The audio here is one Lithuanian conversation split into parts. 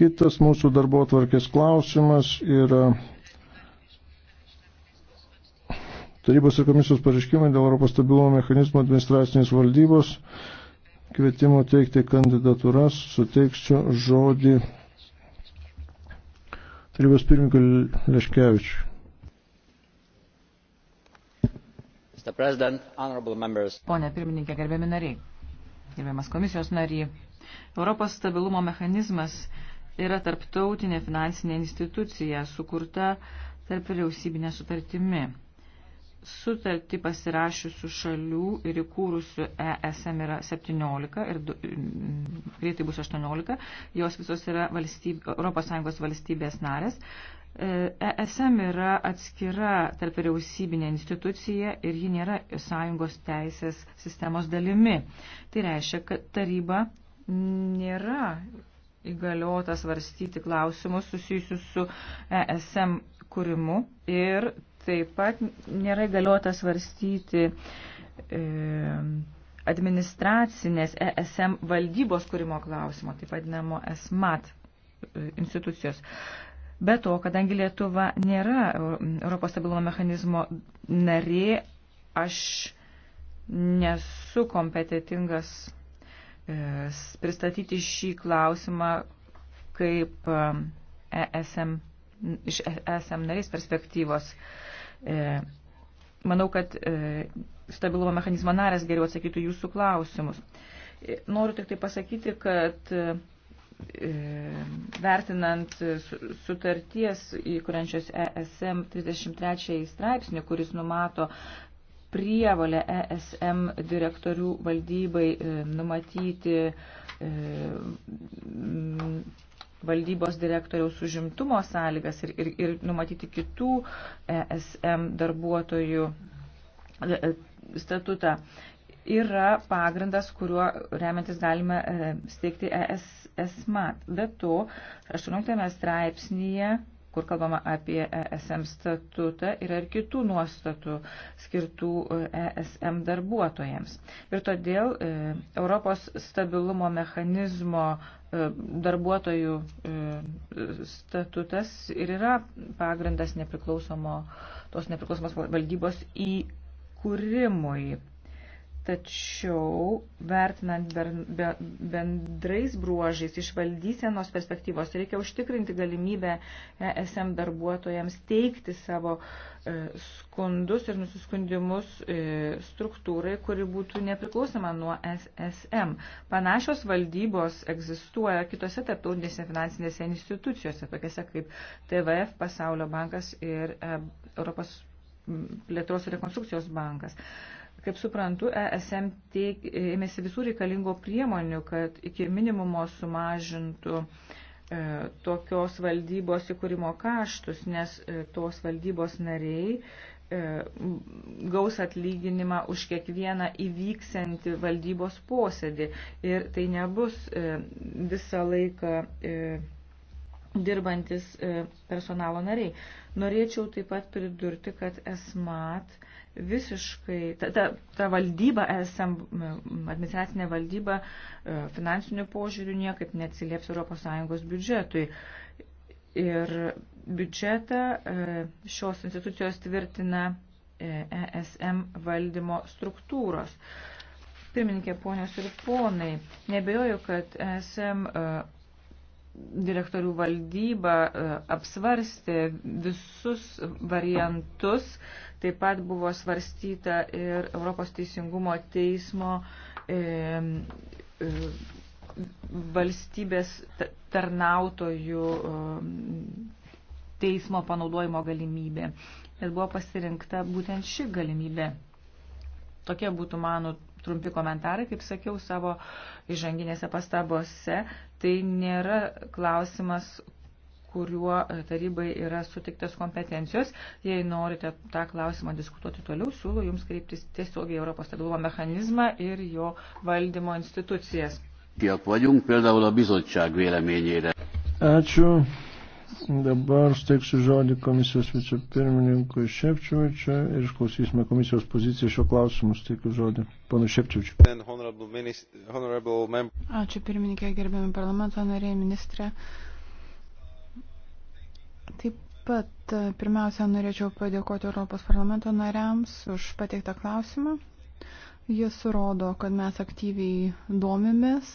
Kitas mūsų darbo tvarkės klausimas yra tarybos ir komisijos pareiškimai dėl Europos stabilumo mechanizmo administracinės valdybos kvietimo teikti kandidatūras. Suteiksiu žodį tarybos pirmininkui Leškevičiui. Pone pirmininkė, gerbiami nariai, gerbiamas komisijos nariai, Europos stabilumo mechanizmas yra tarptautinė finansinė institucija sukurta tarp vyriausybinė sutartimi. Sutartį pasirašiusių šalių ir įkūrusių ESM yra 17 ir du, mm, greitai bus 18, jos visos yra valstyb, ES valstybės narės. ESM e yra atskira tarp vyriausybinė institucija ir ji nėra sąjungos teisės sistemos dalimi. Tai reiškia, kad taryba nėra įgaliotas varstyti klausimus susijusius su ESM kūrimu ir taip pat nėra įgaliotas varstyti e, administracinės ESM valdybos kūrimo klausimo, taip vadinamo ESMAT e, institucijos. Be to, kadangi Lietuva nėra e, Europos stabilumo mechanizmo narė, aš nesu kompetitingas E, pristatyti šį klausimą kaip ESM, e iš ESM narės perspektyvos. E, manau, kad stabilumo mechanizmo narės geriau atsakytų jūsų klausimus. Noriu tik tai pasakyti, kad vertinant sutarties įkuriančios ESM 33 straipsnį, kuris numato prievalę ESM direktorių valdybai e, numatyti e, valdybos direktoriaus užimtumo sąlygas ir, ir, ir numatyti kitų ESM darbuotojų e, statutą. Yra pagrindas, kuriuo remiantis galime steigti ESMAT. Be to, 18 straipsnėje kur kalbama apie ESM statutą, yra ir kitų nuostatų skirtų ESM e darbuotojams. Ir todėl e, Europos stabilumo mechanizmo e, darbuotojų statutas ir yra pagrindas nepriklausomo, tos nepriklausomos valdybos įkūrimui. Tačiau, vertinant bendrais bruožais iš valdysenos perspektyvos, reikia užtikrinti galimybę ESM darbuotojams teikti savo e, skundus ir nusiskundimus e, struktūrai, kuri būtų nepriklausoma nuo e SSM. Panašios valdybos egzistuoja kitose tarptautinėse finansinėse institucijose, tokiose kaip TVF, Pasaulio bankas ir Europos plėtros ir rekonstrukcijos bankas. Kaip suprantu, ESM teik, ėmėsi visų reikalingo priemonių, kad iki minimumo sumažintų e, tokios valdybos įkūrimo kaštus, nes e, tos valdybos nariai e, gaus atlyginimą už kiekvieną įvyksiantį valdybos posėdį. Ir tai nebus e, visą laiką. E, dirbantis e, personalo nariai. Norėčiau taip pat pridurti, kad esmat e, visiškai, ta, ta, ta valdyba, ESM administracinė valdyba e, finansinių požiūrių niekaip neatsilieps ES biudžetui. Ir biudžetą e, šios institucijos tvirtina ESM e valdymo struktūros. Pirmininkė, ponios ir ponai, nebejoju, kad ESM direktorių valdyba e, apsvarstė visus variantus, taip pat buvo svarstyta ir Europos teisingumo teismo e, e, valstybės tarnautojų e, teismo panaudojimo galimybė. Ir buvo pasirinkta būtent ši galimybė. Tokie būtų mano trumpi komentarai, kaip sakiau savo įžanginėse pastabose. Tai nėra klausimas, kuriuo e, tarybai yra sutiktas kompetencijos. Jei norite tą klausimą diskutuoti toliau, siūlau Jums kreiptis tiesiogiai Europos stabilumo mechanizmą ir jo valdymo institucijas. Ačiū. Dabar steiksiu žodį komisijos vicepirmininkui Šepčiovičiu ir išklausysime komisijos poziciją šio klausimu. Steikiu žodį panu Šepčiovičiu. Ačiū pirmininkė, gerbiami parlamento nariai, ministrė. Taip pat pirmiausia, norėčiau padėkoti Europos parlamento nariams už pateiktą klausimą. Jis rodo, kad mes aktyviai domimės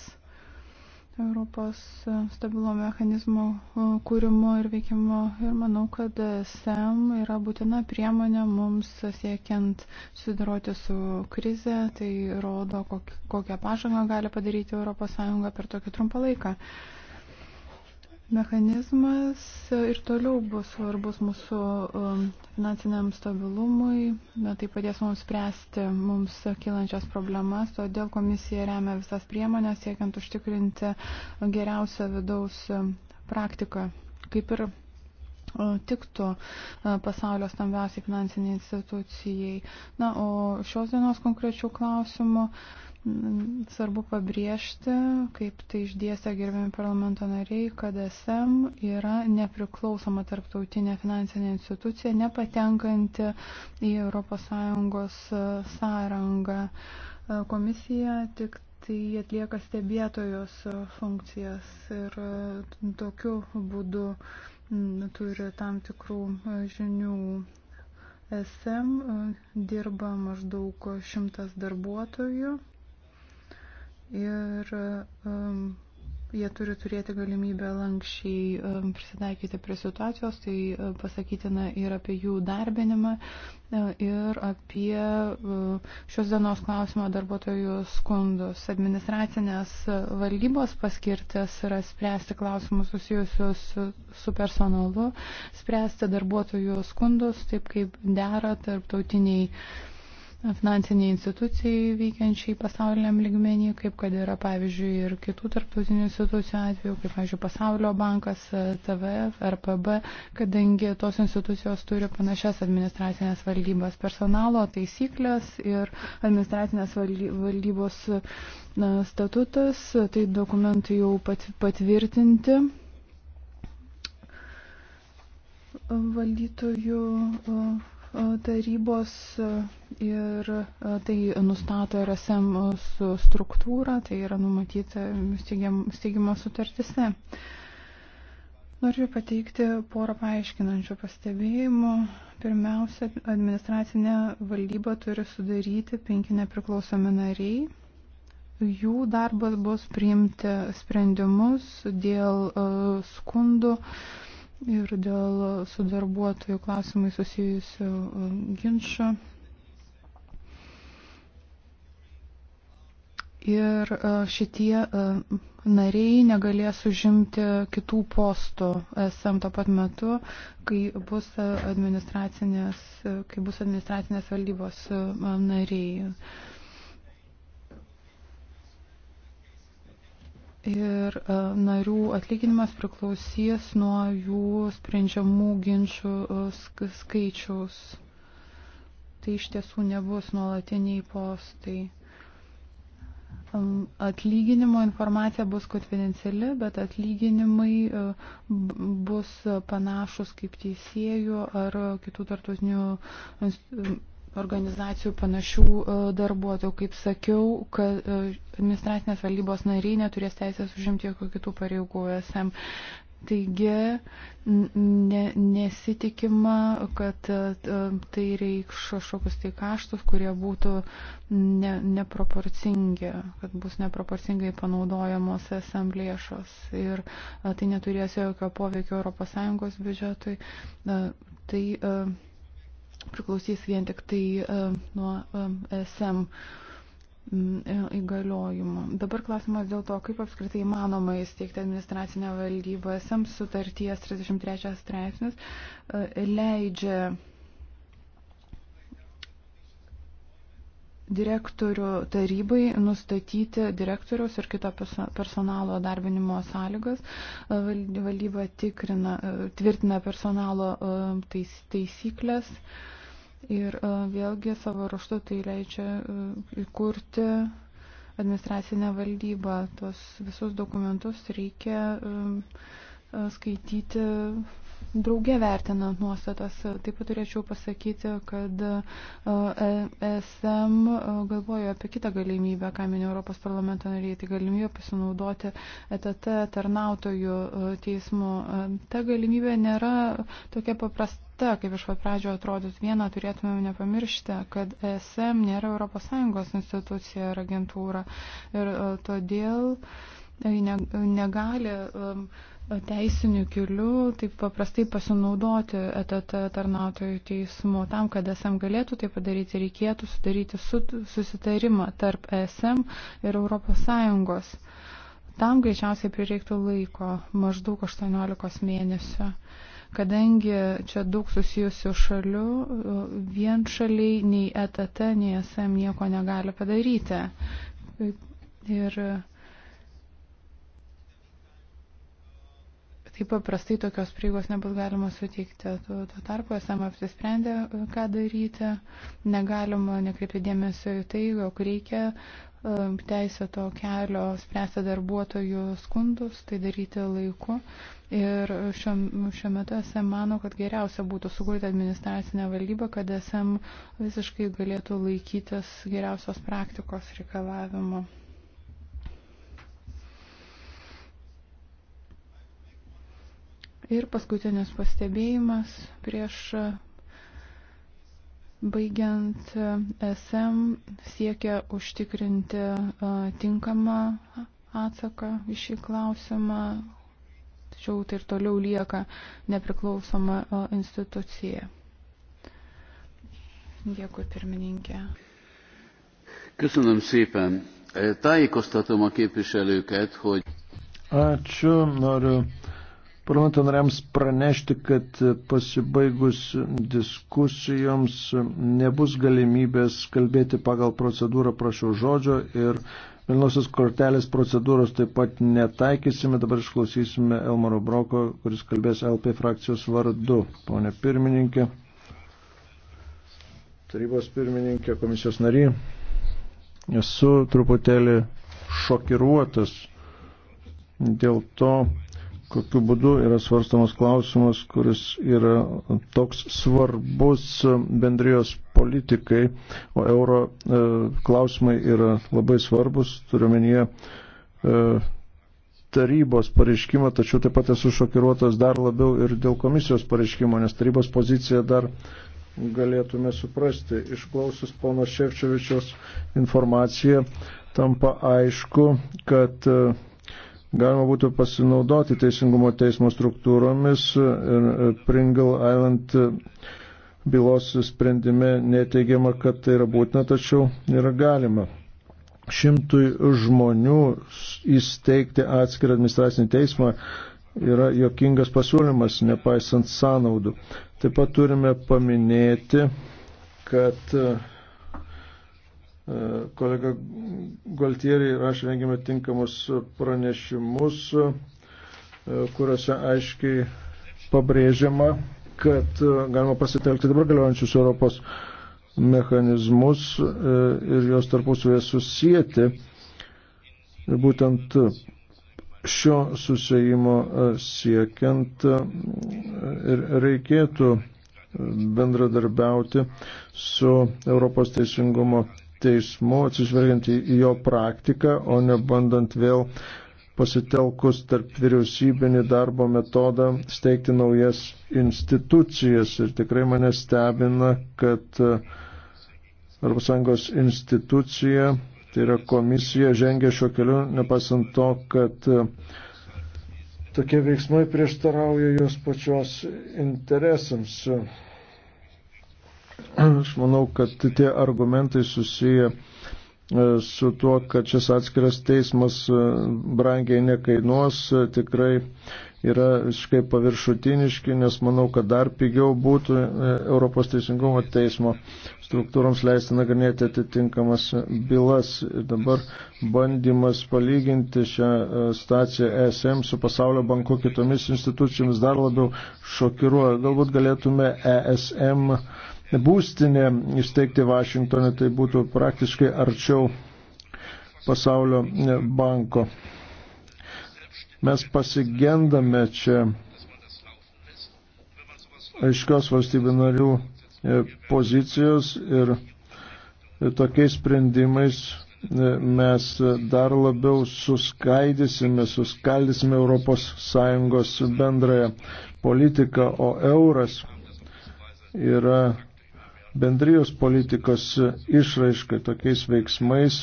Europos e, stabilumo mechanizmo e, kūrimo ir veikimo ir manau, kad SEM yra būtina priemonė mums siekiant sudaroti su krize, tai rodo, kokią pažangą gali padaryti ES per tokį trumpą laiką mechanizmas ir toliau bus svarbus mūsų um, finansiniam stabilumui, na, tai padės mums spręsti mums kylančias problemas, todėl komisija remia visas priemonės, siekiant užtikrinti geriausią vidaus um, praktiką, kaip ir tiktų pasaulio stambiausiai finansiniai institucijai. Na, o šios dienos konkrečių klausimų Svarbu pabrėžti, kaip tai išdėsia gerbiami parlamento nariai, kad SM yra nepriklausoma tarptautinė finansinė institucija, nepatenkanti į ES e, sąrangą. E, komisija tik tai atlieka stebėtojos e, funkcijas ir tokiu būdu turi tam tikrų žinių SM dirba maždaug šimtas darbuotojų ir um, jie turi turėti galimybę lankščiai um, prisitaikyti prie situacijos, tai uh, pasakytina ir apie jų darbinimą, uh, ir apie uh, šios dienos klausimą darbuotojų skundus. Administracinės uh, valdybos paskirtis yra spręsti klausimus susijusius su, su personalu, spręsti darbuotojų skundus, taip kaip dera tarptautiniai uh, finansiniai institucijai veikiančiai pasauliniam ligmenį, kaip kad yra, pavyzdžiui, ir kitų tarptautinių institucijų atveju, kaip, pavyzdžiui, Pasaulio bankas, TVF, RPB, kadangi tos institucijos turi panašias administracinės valdybas personalo taisyklės ir administracinės valdybos statutas, tai dokumentai jau pat, patvirtinti valdytojų. Uh, tarybos ir e, tai nustato RSM struktūrą, tai yra numatyta steigimo sutartise. Noriu pateikti porą paaiškinančių pastebėjimų. Pirmiausia, administracinė valdyba turi sudaryti penki nepriklausomi nariai. Jų darbas bus priimti sprendimus dėl e, skundų uh, ir dėl su darbuotojų klausimai susijusių um, ginčių. Ir uh, šitie uh, nariai negalės užimti kitų postų SM tuo pat metu, kai bus uh, administracinės, kai bus administracinės valdybos nariai. ir e, narių atlyginimas priklausys nuo jų sprendžiamų ginčių e, skaičiaus. Tai iš tiesų nebus nuolatiniai postai. Atlyginimo informacija bus konfidenciali, bet atlyginimai e, bus panašus kaip teisėjų ar kitų tartutinių organizacijų panašių e, darbuotojų. Kaip sakiau, kad e, administracinės valdybos nariai neturės teisės užimti jokių kitų pareigų SM. Taigi ne, nesitikima, kad e, tai reikš kažkokius tai kaštus, kurie būtų ne, neproporcingi, kad bus neproporcingai panaudojamos SM lėšos ir tai neturės jokio poveikio ES biudžetui. Tai, priklausys vien tik tai e, nuo e, SM e, įgaliojimų. Dabar klausimas dėl to, kaip apskritai įmanoma įsteigti administracinę valdybą. SM sutarties 33 straipsnis leidžia direktorių tarybai nustatyti direktoriaus ir kito personalo darbinimo sąlygas. Valdyba tikrina, tvirtina personalo tais, taisyklės ir vėlgi savo ruoštu tai leidžia įkurti administracinę valdybą. Tos visus dokumentus reikia skaityti draugė vertinant nuostatas. Taip pat turėčiau pasakyti, kad ESM e e, galvoja apie kitą galimybę, ką minė Europos parlamento nariai, tai galimybė pasinaudoti ETT tarnautojų e, teismu. Ta galimybė nėra tokia paprasta, kaip iš pat pradžio atrodyt. Vieną turėtumėm nepamiršti, kad ESM nėra ES institucija ar agentūra. Ir todėl negali. Um, teisiniu keliu taip paprastai pasinaudoti etat tarnautojų teismu. Tam, kad SM galėtų tai padaryti, reikėtų sudaryti susitarimą tarp SM ir ES. Tam greičiausiai prireiktų laiko, maždaug 18 mėnesių. Kadangi čia daug susijusių šalių, vien šaliai nei ETT, nei SM nieko negali padaryti. Ir taip paprastai tokios prieigos nebus galima suteikti. Tuo, tuo tarpu esam apsisprendę, e, ką daryti, negalima nekreipti dėmesio į tai, jog reikia e, teisę to kelio spręsti darbuotojų skundus, tai daryti laiku. Ir šiuo, šiuo metu SM mano, kad geriausia būtų sukurti administracinę valdybą, kad SM visiškai galėtų laikytis geriausios praktikos reikalavimo. Ir paskutinis pastebėjimas prieš baigiant SM siekia užtikrinti tinkamą atsaką į šį klausimą, tačiau tai ir toliau lieka nepriklausoma institucija. Dėkui, pirmininkė. Köszönöm szépen. E, tájékoztatom a képviselőket, hogy... Ačiū, noriu parlamento nariams pranešti, kad pasibaigus diskusijoms nebus galimybės kalbėti pagal procedūrą prašau žodžio ir Vilnosios kortelės procedūros taip pat netaikysime. Dabar išklausysime Elmaro Broko, kuris kalbės LP frakcijos vardu. Pone pirmininkė, tarybos pirmininkė, komisijos nary, esu truputėlį šokiruotas dėl to, kokiu būdu yra svarstamas klausimas, kuris yra toks svarbus bendrijos politikai, o euro e, klausimai yra labai svarbus, turiuomenyje e, tarybos pareiškimą, tačiau taip pat esu šokiruotas dar labiau ir dėl komisijos pareiškimo, nes tarybos pozicija dar galėtume suprasti. Išklausus pono Ševčiovičios informaciją, tampa aišku, kad e, galima būtų pasinaudoti teisingumo teismo struktūromis ir e, Pringle Island e, bylos sprendime neteigiama, kad tai yra būtina, tačiau yra galima. Šimtui žmonių įsteigti atskirą administracinį teismą yra jokingas pasiūlymas, nepaisant sąnaudų. Taip pat turime paminėti, kad uh, kolega Galtieri ir aš rengėme tinkamus pranešimus, kuriuose aiškiai pabrėžiama, kad galima pasitelkti dabar galiojančius Europos mechanizmus e, ir jos tarpusvėje susijęti. Būtent šio susijimo e, siekiant e, ir reikėtų bendradarbiauti su Europos teisingumo teismu, atsižvelgiant į, į jo praktiką, o ne bandant vėl pasitelkus tarp vyriausybinį darbo metodą steigti naujas institucijas. Ir tikrai mane stebina, kad ES institucija, tai yra komisija, žengia šiuo keliu, nepasant to, kad e, tokie veiksmai prieštarauja jos pačios interesams. Aš manau, kad tie argumentai susiję e, su tuo, kad šis atskiras teismas e, brangiai nekainuos, e, tikrai yra visiškai paviršutiniški, nes manau, kad dar pigiau būtų Europos teisingumo teismo struktūroms leisti nagrinėti atitinkamas bylas. Ir dabar bandymas palyginti šią staciją ESM su pasaulio banku kitomis institucijomis dar labiau šokiruoja. Galbūt galėtume ESM būstinę įsteigti Vašingtonė, tai būtų praktiškai arčiau pasaulio banko. Mes pasigendame čia aiškios valstybių narių e, pozicijos ir e, tokiais sprendimais e, mes dar labiau suskaidysime, suskaldysime ES bendrąją politiką, o euras yra bendrijos politikos išraiškai tokiais veiksmais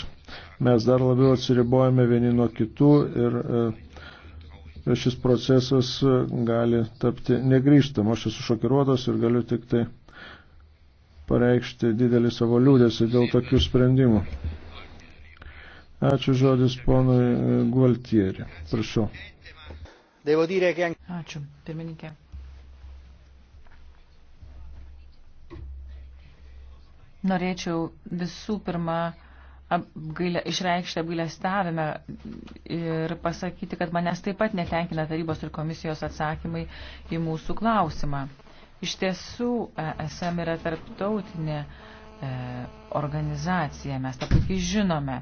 mes dar labiau atsiribojame vieni nuo kitų ir e, šis procesas e, gali tapti negryžtam. Aš esu šokiruotas ir galiu tik tai pareikšti didelį savo liūdėsi dėl tokių sprendimų. Ačiū žodis ponui e, Gualtieri. Prašau. Ačiū, pirmininkė. Norėčiau visų pirma apgailę, išreikšti apgailestavimą ir pasakyti, kad manęs taip pat netenkina tarybos ir komisijos atsakymai į mūsų klausimą. Iš tiesų, ESM yra tarptautinė e, organizacija, mes tą puikiai žinome,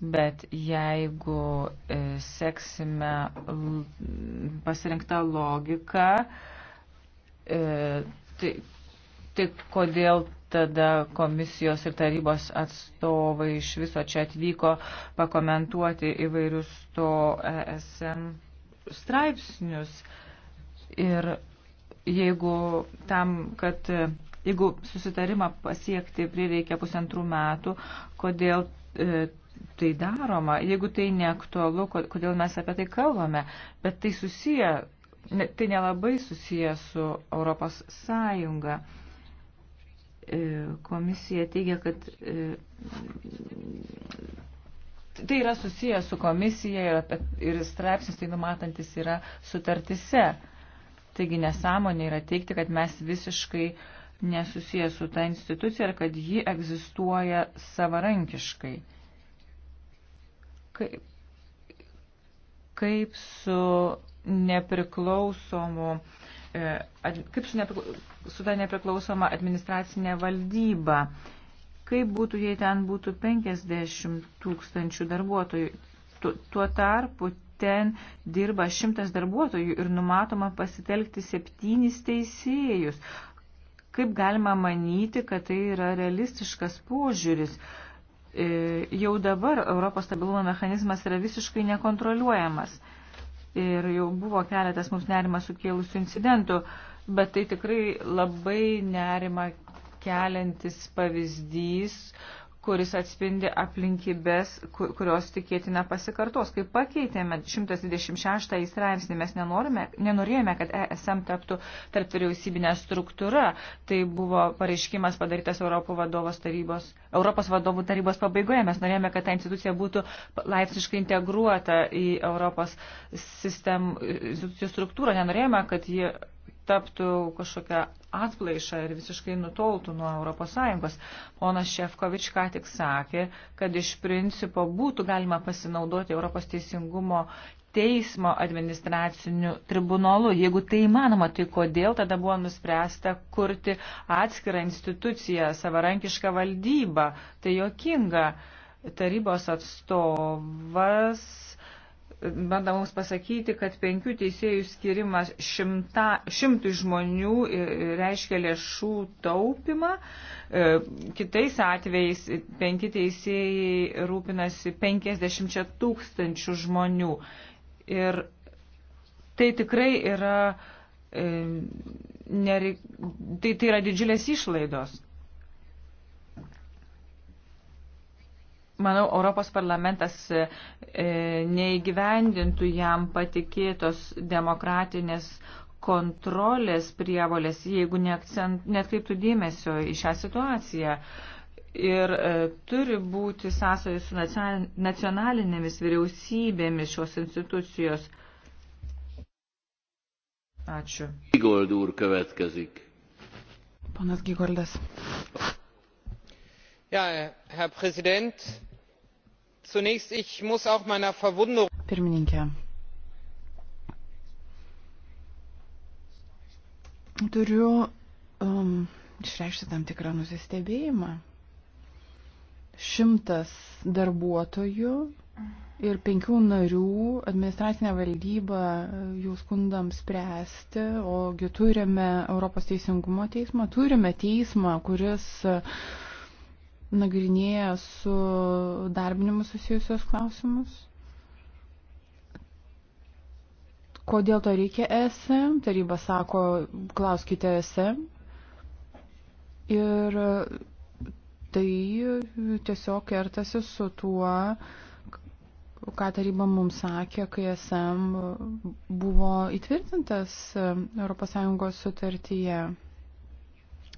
bet jeigu e, seksime pasirinktą logiką, e, tai, tai kodėl tada komisijos ir tarybos atstovai iš viso čia atvyko pakomentuoti įvairius to ESM straipsnius. Ir jeigu tam, kad jeigu susitarimą pasiekti prireikia pusantrų metų, kodėl e, tai daroma, jeigu tai neaktualu, kodėl mes apie tai kalbame, bet tai susiję, tai nelabai susiję su Europos Sąjunga. E, komisija teigia, kad e, tai yra susijęs su komisija ir, apie, ir straipsnis tai numatantis yra sutartise. Taigi nesąmonė yra teikti, kad mes visiškai nesusijęs su ta institucija ir kad ji egzistuoja savarankiškai. Kaip, kaip su nepriklausomu E, kaip su, neprikla... su ta nepriklausoma administracinė valdyba. Kaip būtų, jei ten būtų 50 tūkstančių darbuotojų? Tuo tarpu ten dirba šimtas darbuotojų ir numatoma pasitelkti septynis teisėjus. Kaip galima manyti, kad tai yra realistiškas požiūris? E, jau dabar Europos stabilumo mechanizmas yra visiškai nekontroliuojamas ir jau buvo keletas mums nerima sukėlusių incidentų, bet tai tikrai labai nerima keliantis pavyzdys, kuris atspindi aplinkybės, kurios tikėtina pasikartos. Kai pakeitėme 126 straipsnį, mes nenorime, nenorėjome, kad ESM taptų tarp vyriausybinė struktūra. Tai buvo pareiškimas padarytas Europos, tarybos, Europos vadovų tarybos pabaigoje. Mes norėjome, kad ta institucija būtų laipsniškai integruota į Europos sistem, institucijų struktūrą. Nenorėjome, kad ji taptų kažkokią atplaišą ir visiškai nutoltų nuo ES. Ponas Šefkovič ką tik sakė, kad iš principo būtų galima pasinaudoti Europos teisingumo teismo administraciniu tribunolu. Jeigu tai įmanoma, tai kodėl tada buvo nuspręsta kurti atskirą instituciją, savarankišką valdybą? Tai jokinga. Tarybos atstovas bando mums pasakyti, kad penkių teisėjų skirimas šimta, šimtui žmonių reiškia lėšų taupimą. E, kitais atvejais penki teisėjai rūpinasi 50 tūkstančių žmonių. Ir tai tikrai yra, e, nereik, tai, tai yra didžiulės išlaidos. manau, Europos parlamentas e, e, neįgyvendintų jam patikėtos demokratinės kontrolės prievolės, jeigu neakcent, netkreiptų dėmesio į šią situaciją. Ir e, turi būti sąsojai su nacionalinėmis vyriausybėmis šios institucijos. Ačiū. Gigold úr következik. Ponas Gigoldas. Ja, Herr Präsident, zunächst ich muss auch meiner verwunderung. pirmininke turiu um, išreikšti tam tikrą nusistebėjimą. Šimtas darbuotojų ir penkių narių administracinė valdyba uh, jų skundams spręsti, ogi turime Europos teisingumo teismą, turime teismą, kuris uh, nagrinėja su darbinimu susijusios klausimus. Kodėl to reikia ESM? Taryba sako, klauskite ESM. Ir tai tiesiog kertasi su tuo, ką taryba mums sakė, kai SM buvo įtvirtintas ES sutartyje.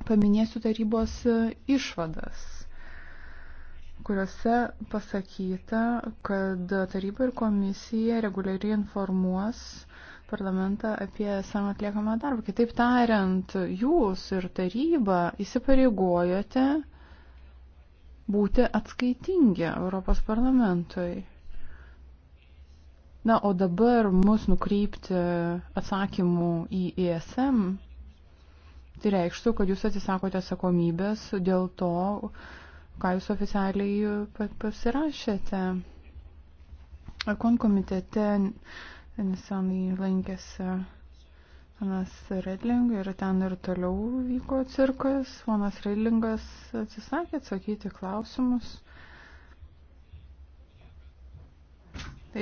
Paminėsiu tarybos išvadas kuriuose pasakyta, kad taryba ir komisija reguliariai informuos parlamentą apie savo atliekamą darbą. Kitaip tariant, jūs ir taryba įsipareigojote būti atskaitingi Europos parlamentui. Na, o dabar mus nukreipti atsakymų į ESM, tai reikštų, kad jūs atsisakote atsakomybės dėl to, ką jūs oficialiai e, pasirašėte. Kon komitete nesenai lankėsi Anas Redling ir ten ir toliau vyko cirkas. Ponas Redlingas atsisakė atsakyti klausimus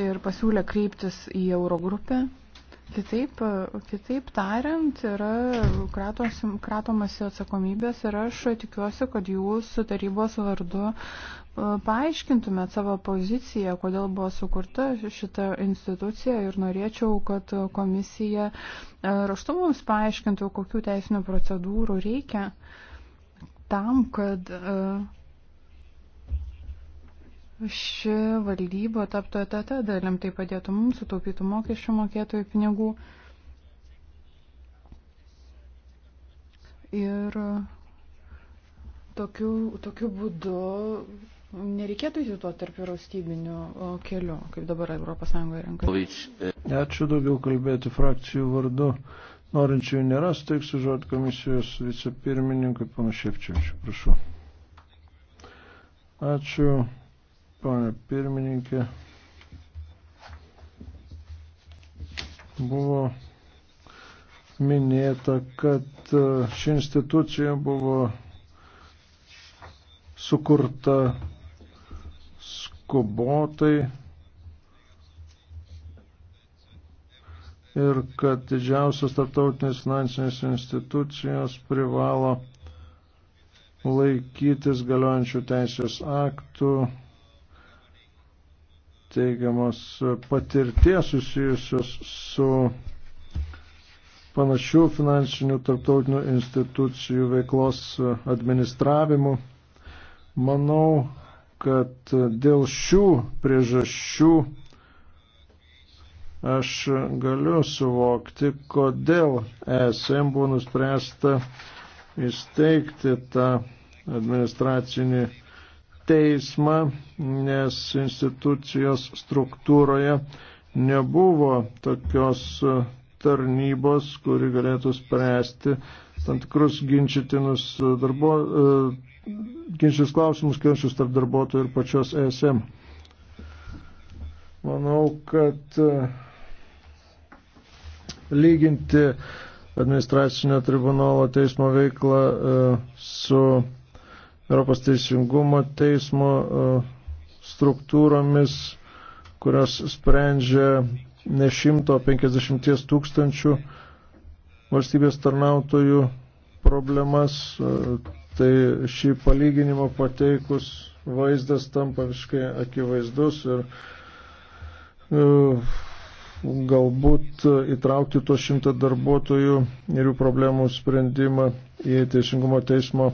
ir pasiūlė kreiptis į Eurogrupę. Kitaip, kitaip tariant, yra kratos, kratomasi atsakomybės ir aš tikiuosi, kad jūs tarybos vardu e, paaiškintumėt savo poziciją, kodėl buvo sukurta šita institucija ir norėčiau, kad komisija e, raštu mums paaiškintų, kokių teisinių procedūrų reikia tam, kad uh, ši valdyba taptų etat dalim, tai padėtų mums sutaupytų mokesčių mokėtojų pinigų. Ir tokiu, tokiu būdu nereikėtų įti tuo tarp vyraustybiniu keliu, kaip dabar ES renka. Ačiū daugiau kalbėti frakcijų vardu. Norinčių nėra, steiksiu žodį komisijos vicepirmininkui panašėpčiui. Prašau. Ačiū Pane pirmininkė, buvo minėta, kad ši institucija buvo sukurta skubotai ir kad didžiausios tarptautinės finansinės institucijos privalo laikytis galiojančių teisės aktų teigiamos patirties susijusios su panašių finansinių tarptautinių institucijų veiklos administravimu. Manau, kad dėl šių priežasčių aš galiu suvokti, kodėl ESM buvo nuspręsta įsteigti tą administracinį teismą, nes institucijos struktūroje nebuvo tokios e, tarnybos, kuri galėtų spręsti tam tikrus ginčytinus e, darbo, e, ginčius klausimus, kilančius tarp darbuotojų ir pačios ESM. Manau, kad lyginti administracinio tribunolo teismo veiklą su Europos teisingumo teismo e, struktūromis, kurios sprendžia ne 150 tūkstančių valstybės tarnautojų problemas, e, tai šį palyginimą pateikus vaizdas tampa visiškai akivaizdus ir e, galbūt įtraukti tuos šimtą darbuotojų ir jų problemų sprendimą į Teisingumo teismo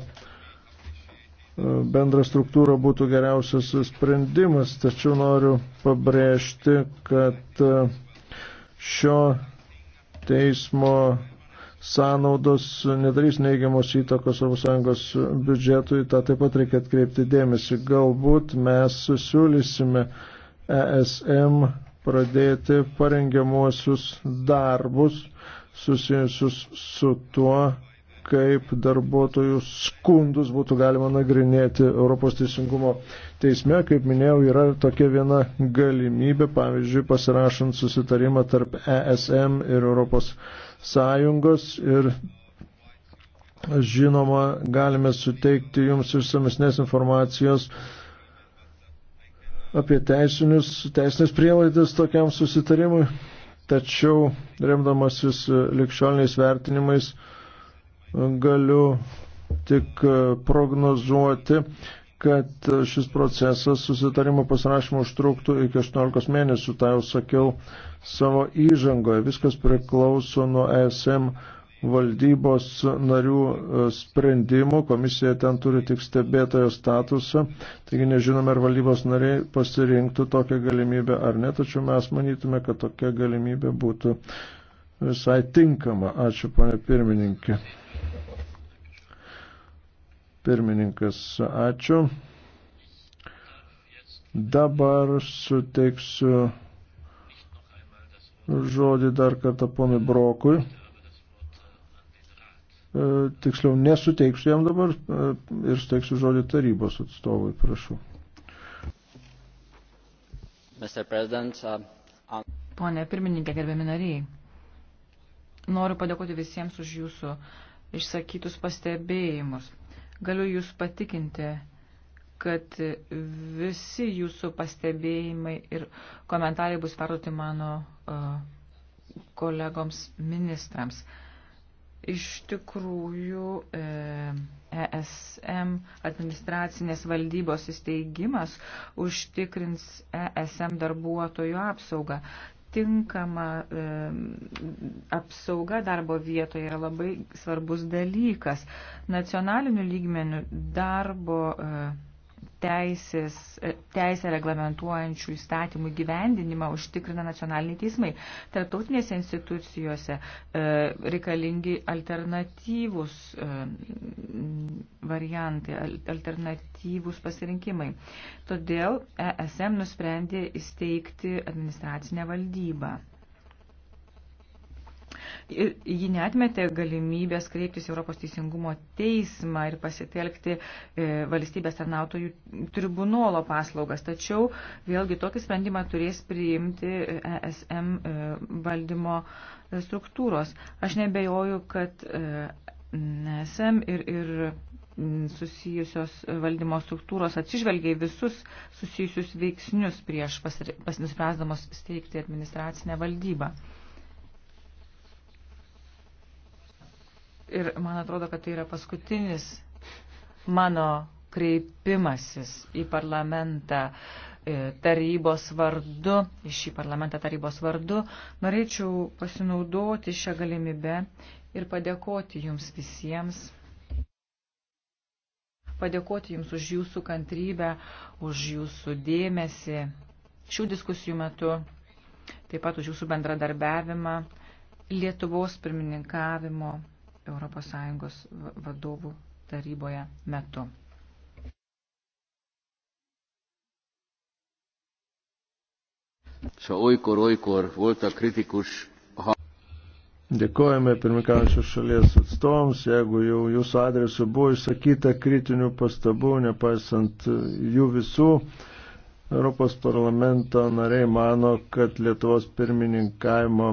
bendra struktūra būtų geriausias sprendimas, tačiau noriu pabrėžti, kad e, šio teismo sąnaudos nedarys neigiamos įtakos ES biudžetui, tą taip pat reikia atkreipti dėmesį. Galbūt mes susiūlysime ESM pradėti parengiamuosius darbus susijusius su tuo, kaip darbuotojų skundus būtų galima nagrinėti Europos teisingumo teisme. Kaip minėjau, yra tokia viena galimybė, pavyzdžiui, pasirašant susitarimą tarp ESM ir Europos Sąjungos ir žinoma, galime suteikti jums išsamesnės informacijos apie teisinius, teisinės prielaidas tokiam susitarimui, tačiau remdamasis likščioliniais vertinimais, galiu tik e, prognozuoti, kad šis procesas susitarimo pasirašymo užtruktų iki 18 mėnesių, tą jau sakiau savo įžangoje. Viskas priklauso nuo ESM valdybos narių e, sprendimų, komisija ten turi tik stebėtojo statusą, taigi nežinome, ar valdybos nariai pasirinktų tokią galimybę ar ne, tačiau mes manytume, kad tokia galimybė būtų visai tinkama. Ačiū, ponė pirmininkė. Pirmininkas, ačiū. Dabar suteiksiu žodį dar kartą ponui Brokui. E, tiksliau, nesuteiksiu jam dabar e, ir suteiksiu žodį tarybos atstovui, prašau. Uh, uh, Pone pirmininkė, gerbiami nariai, noriu padėkoti visiems už jūsų išsakytus pastebėjimus. Galiu Jūs patikinti, kad visi Jūsų pastebėjimai ir komentarai bus perduoti mano uh, kolegoms ministrams. Iš tikrųjų, ESM e administracinės valdybos įsteigimas užtikrins ESM darbuotojų apsaugą tinkama e, apsauga darbo vietoje yra labai svarbus dalykas. Nacionaliniu lygmeniu darbo e, teisės, e, teisę reglamentuojančių įstatymų gyvendinimą užtikrina nacionaliniai teismai. Tarptautinėse institucijose e, reikalingi alternatyvus e, variantai, alternatyvus pasirinkimai. Todėl ESM nusprendė įsteigti administracinę valdybą. Ji netmetė galimybės kreiptis Europos teisingumo teismą ir pasitelkti e, valstybės tarnautojų tribunolo paslaugas. Tačiau vėlgi tokį sprendimą turės priimti ESM e, valdymo e, struktūros. Aš nebejoju, kad ESM ir, ir susijusios valdymo struktūros atsižvelgia į visus susijusius veiksnius prieš pasir, pasinuspręsdamos steigti administracinę valdybą. Ir man atrodo, kad tai yra paskutinis mano kreipimasis į parlamentą e, tarybos vardu, iš šį parlamentą tarybos vardu. Norėčiau pasinaudoti šią galimybę ir padėkoti jums visiems. Padėkoti jums už jūsų kantrybę, už jūsų dėmesį šių diskusijų metu, taip pat už jūsų bendradarbiavimą Lietuvos pirmininkavimo ES vadovų taryboje metu. Sa oikor, oikor, volta kritikus. Dėkojame pirmikausios šalies atstovams, jeigu jau jūsų adresu buvo išsakyta kritinių pastabų, nepaisant jų visų. Europos parlamento nariai mano, kad Lietuvos pirmininkavimo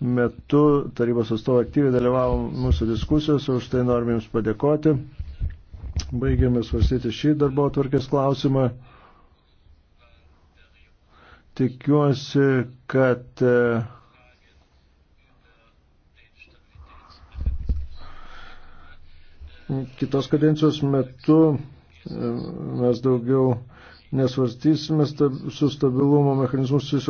metu tarybos atstovai aktyviai dalyvavo mūsų diskusijose, už tai norim Jums padėkoti. Baigėme svarstyti šį darbo atvarkės klausimą. Tikiuosi, kad e, kitos kadencijos metu e, mes daugiau nesvarstysime su stabilumo mechanizmus susijusiu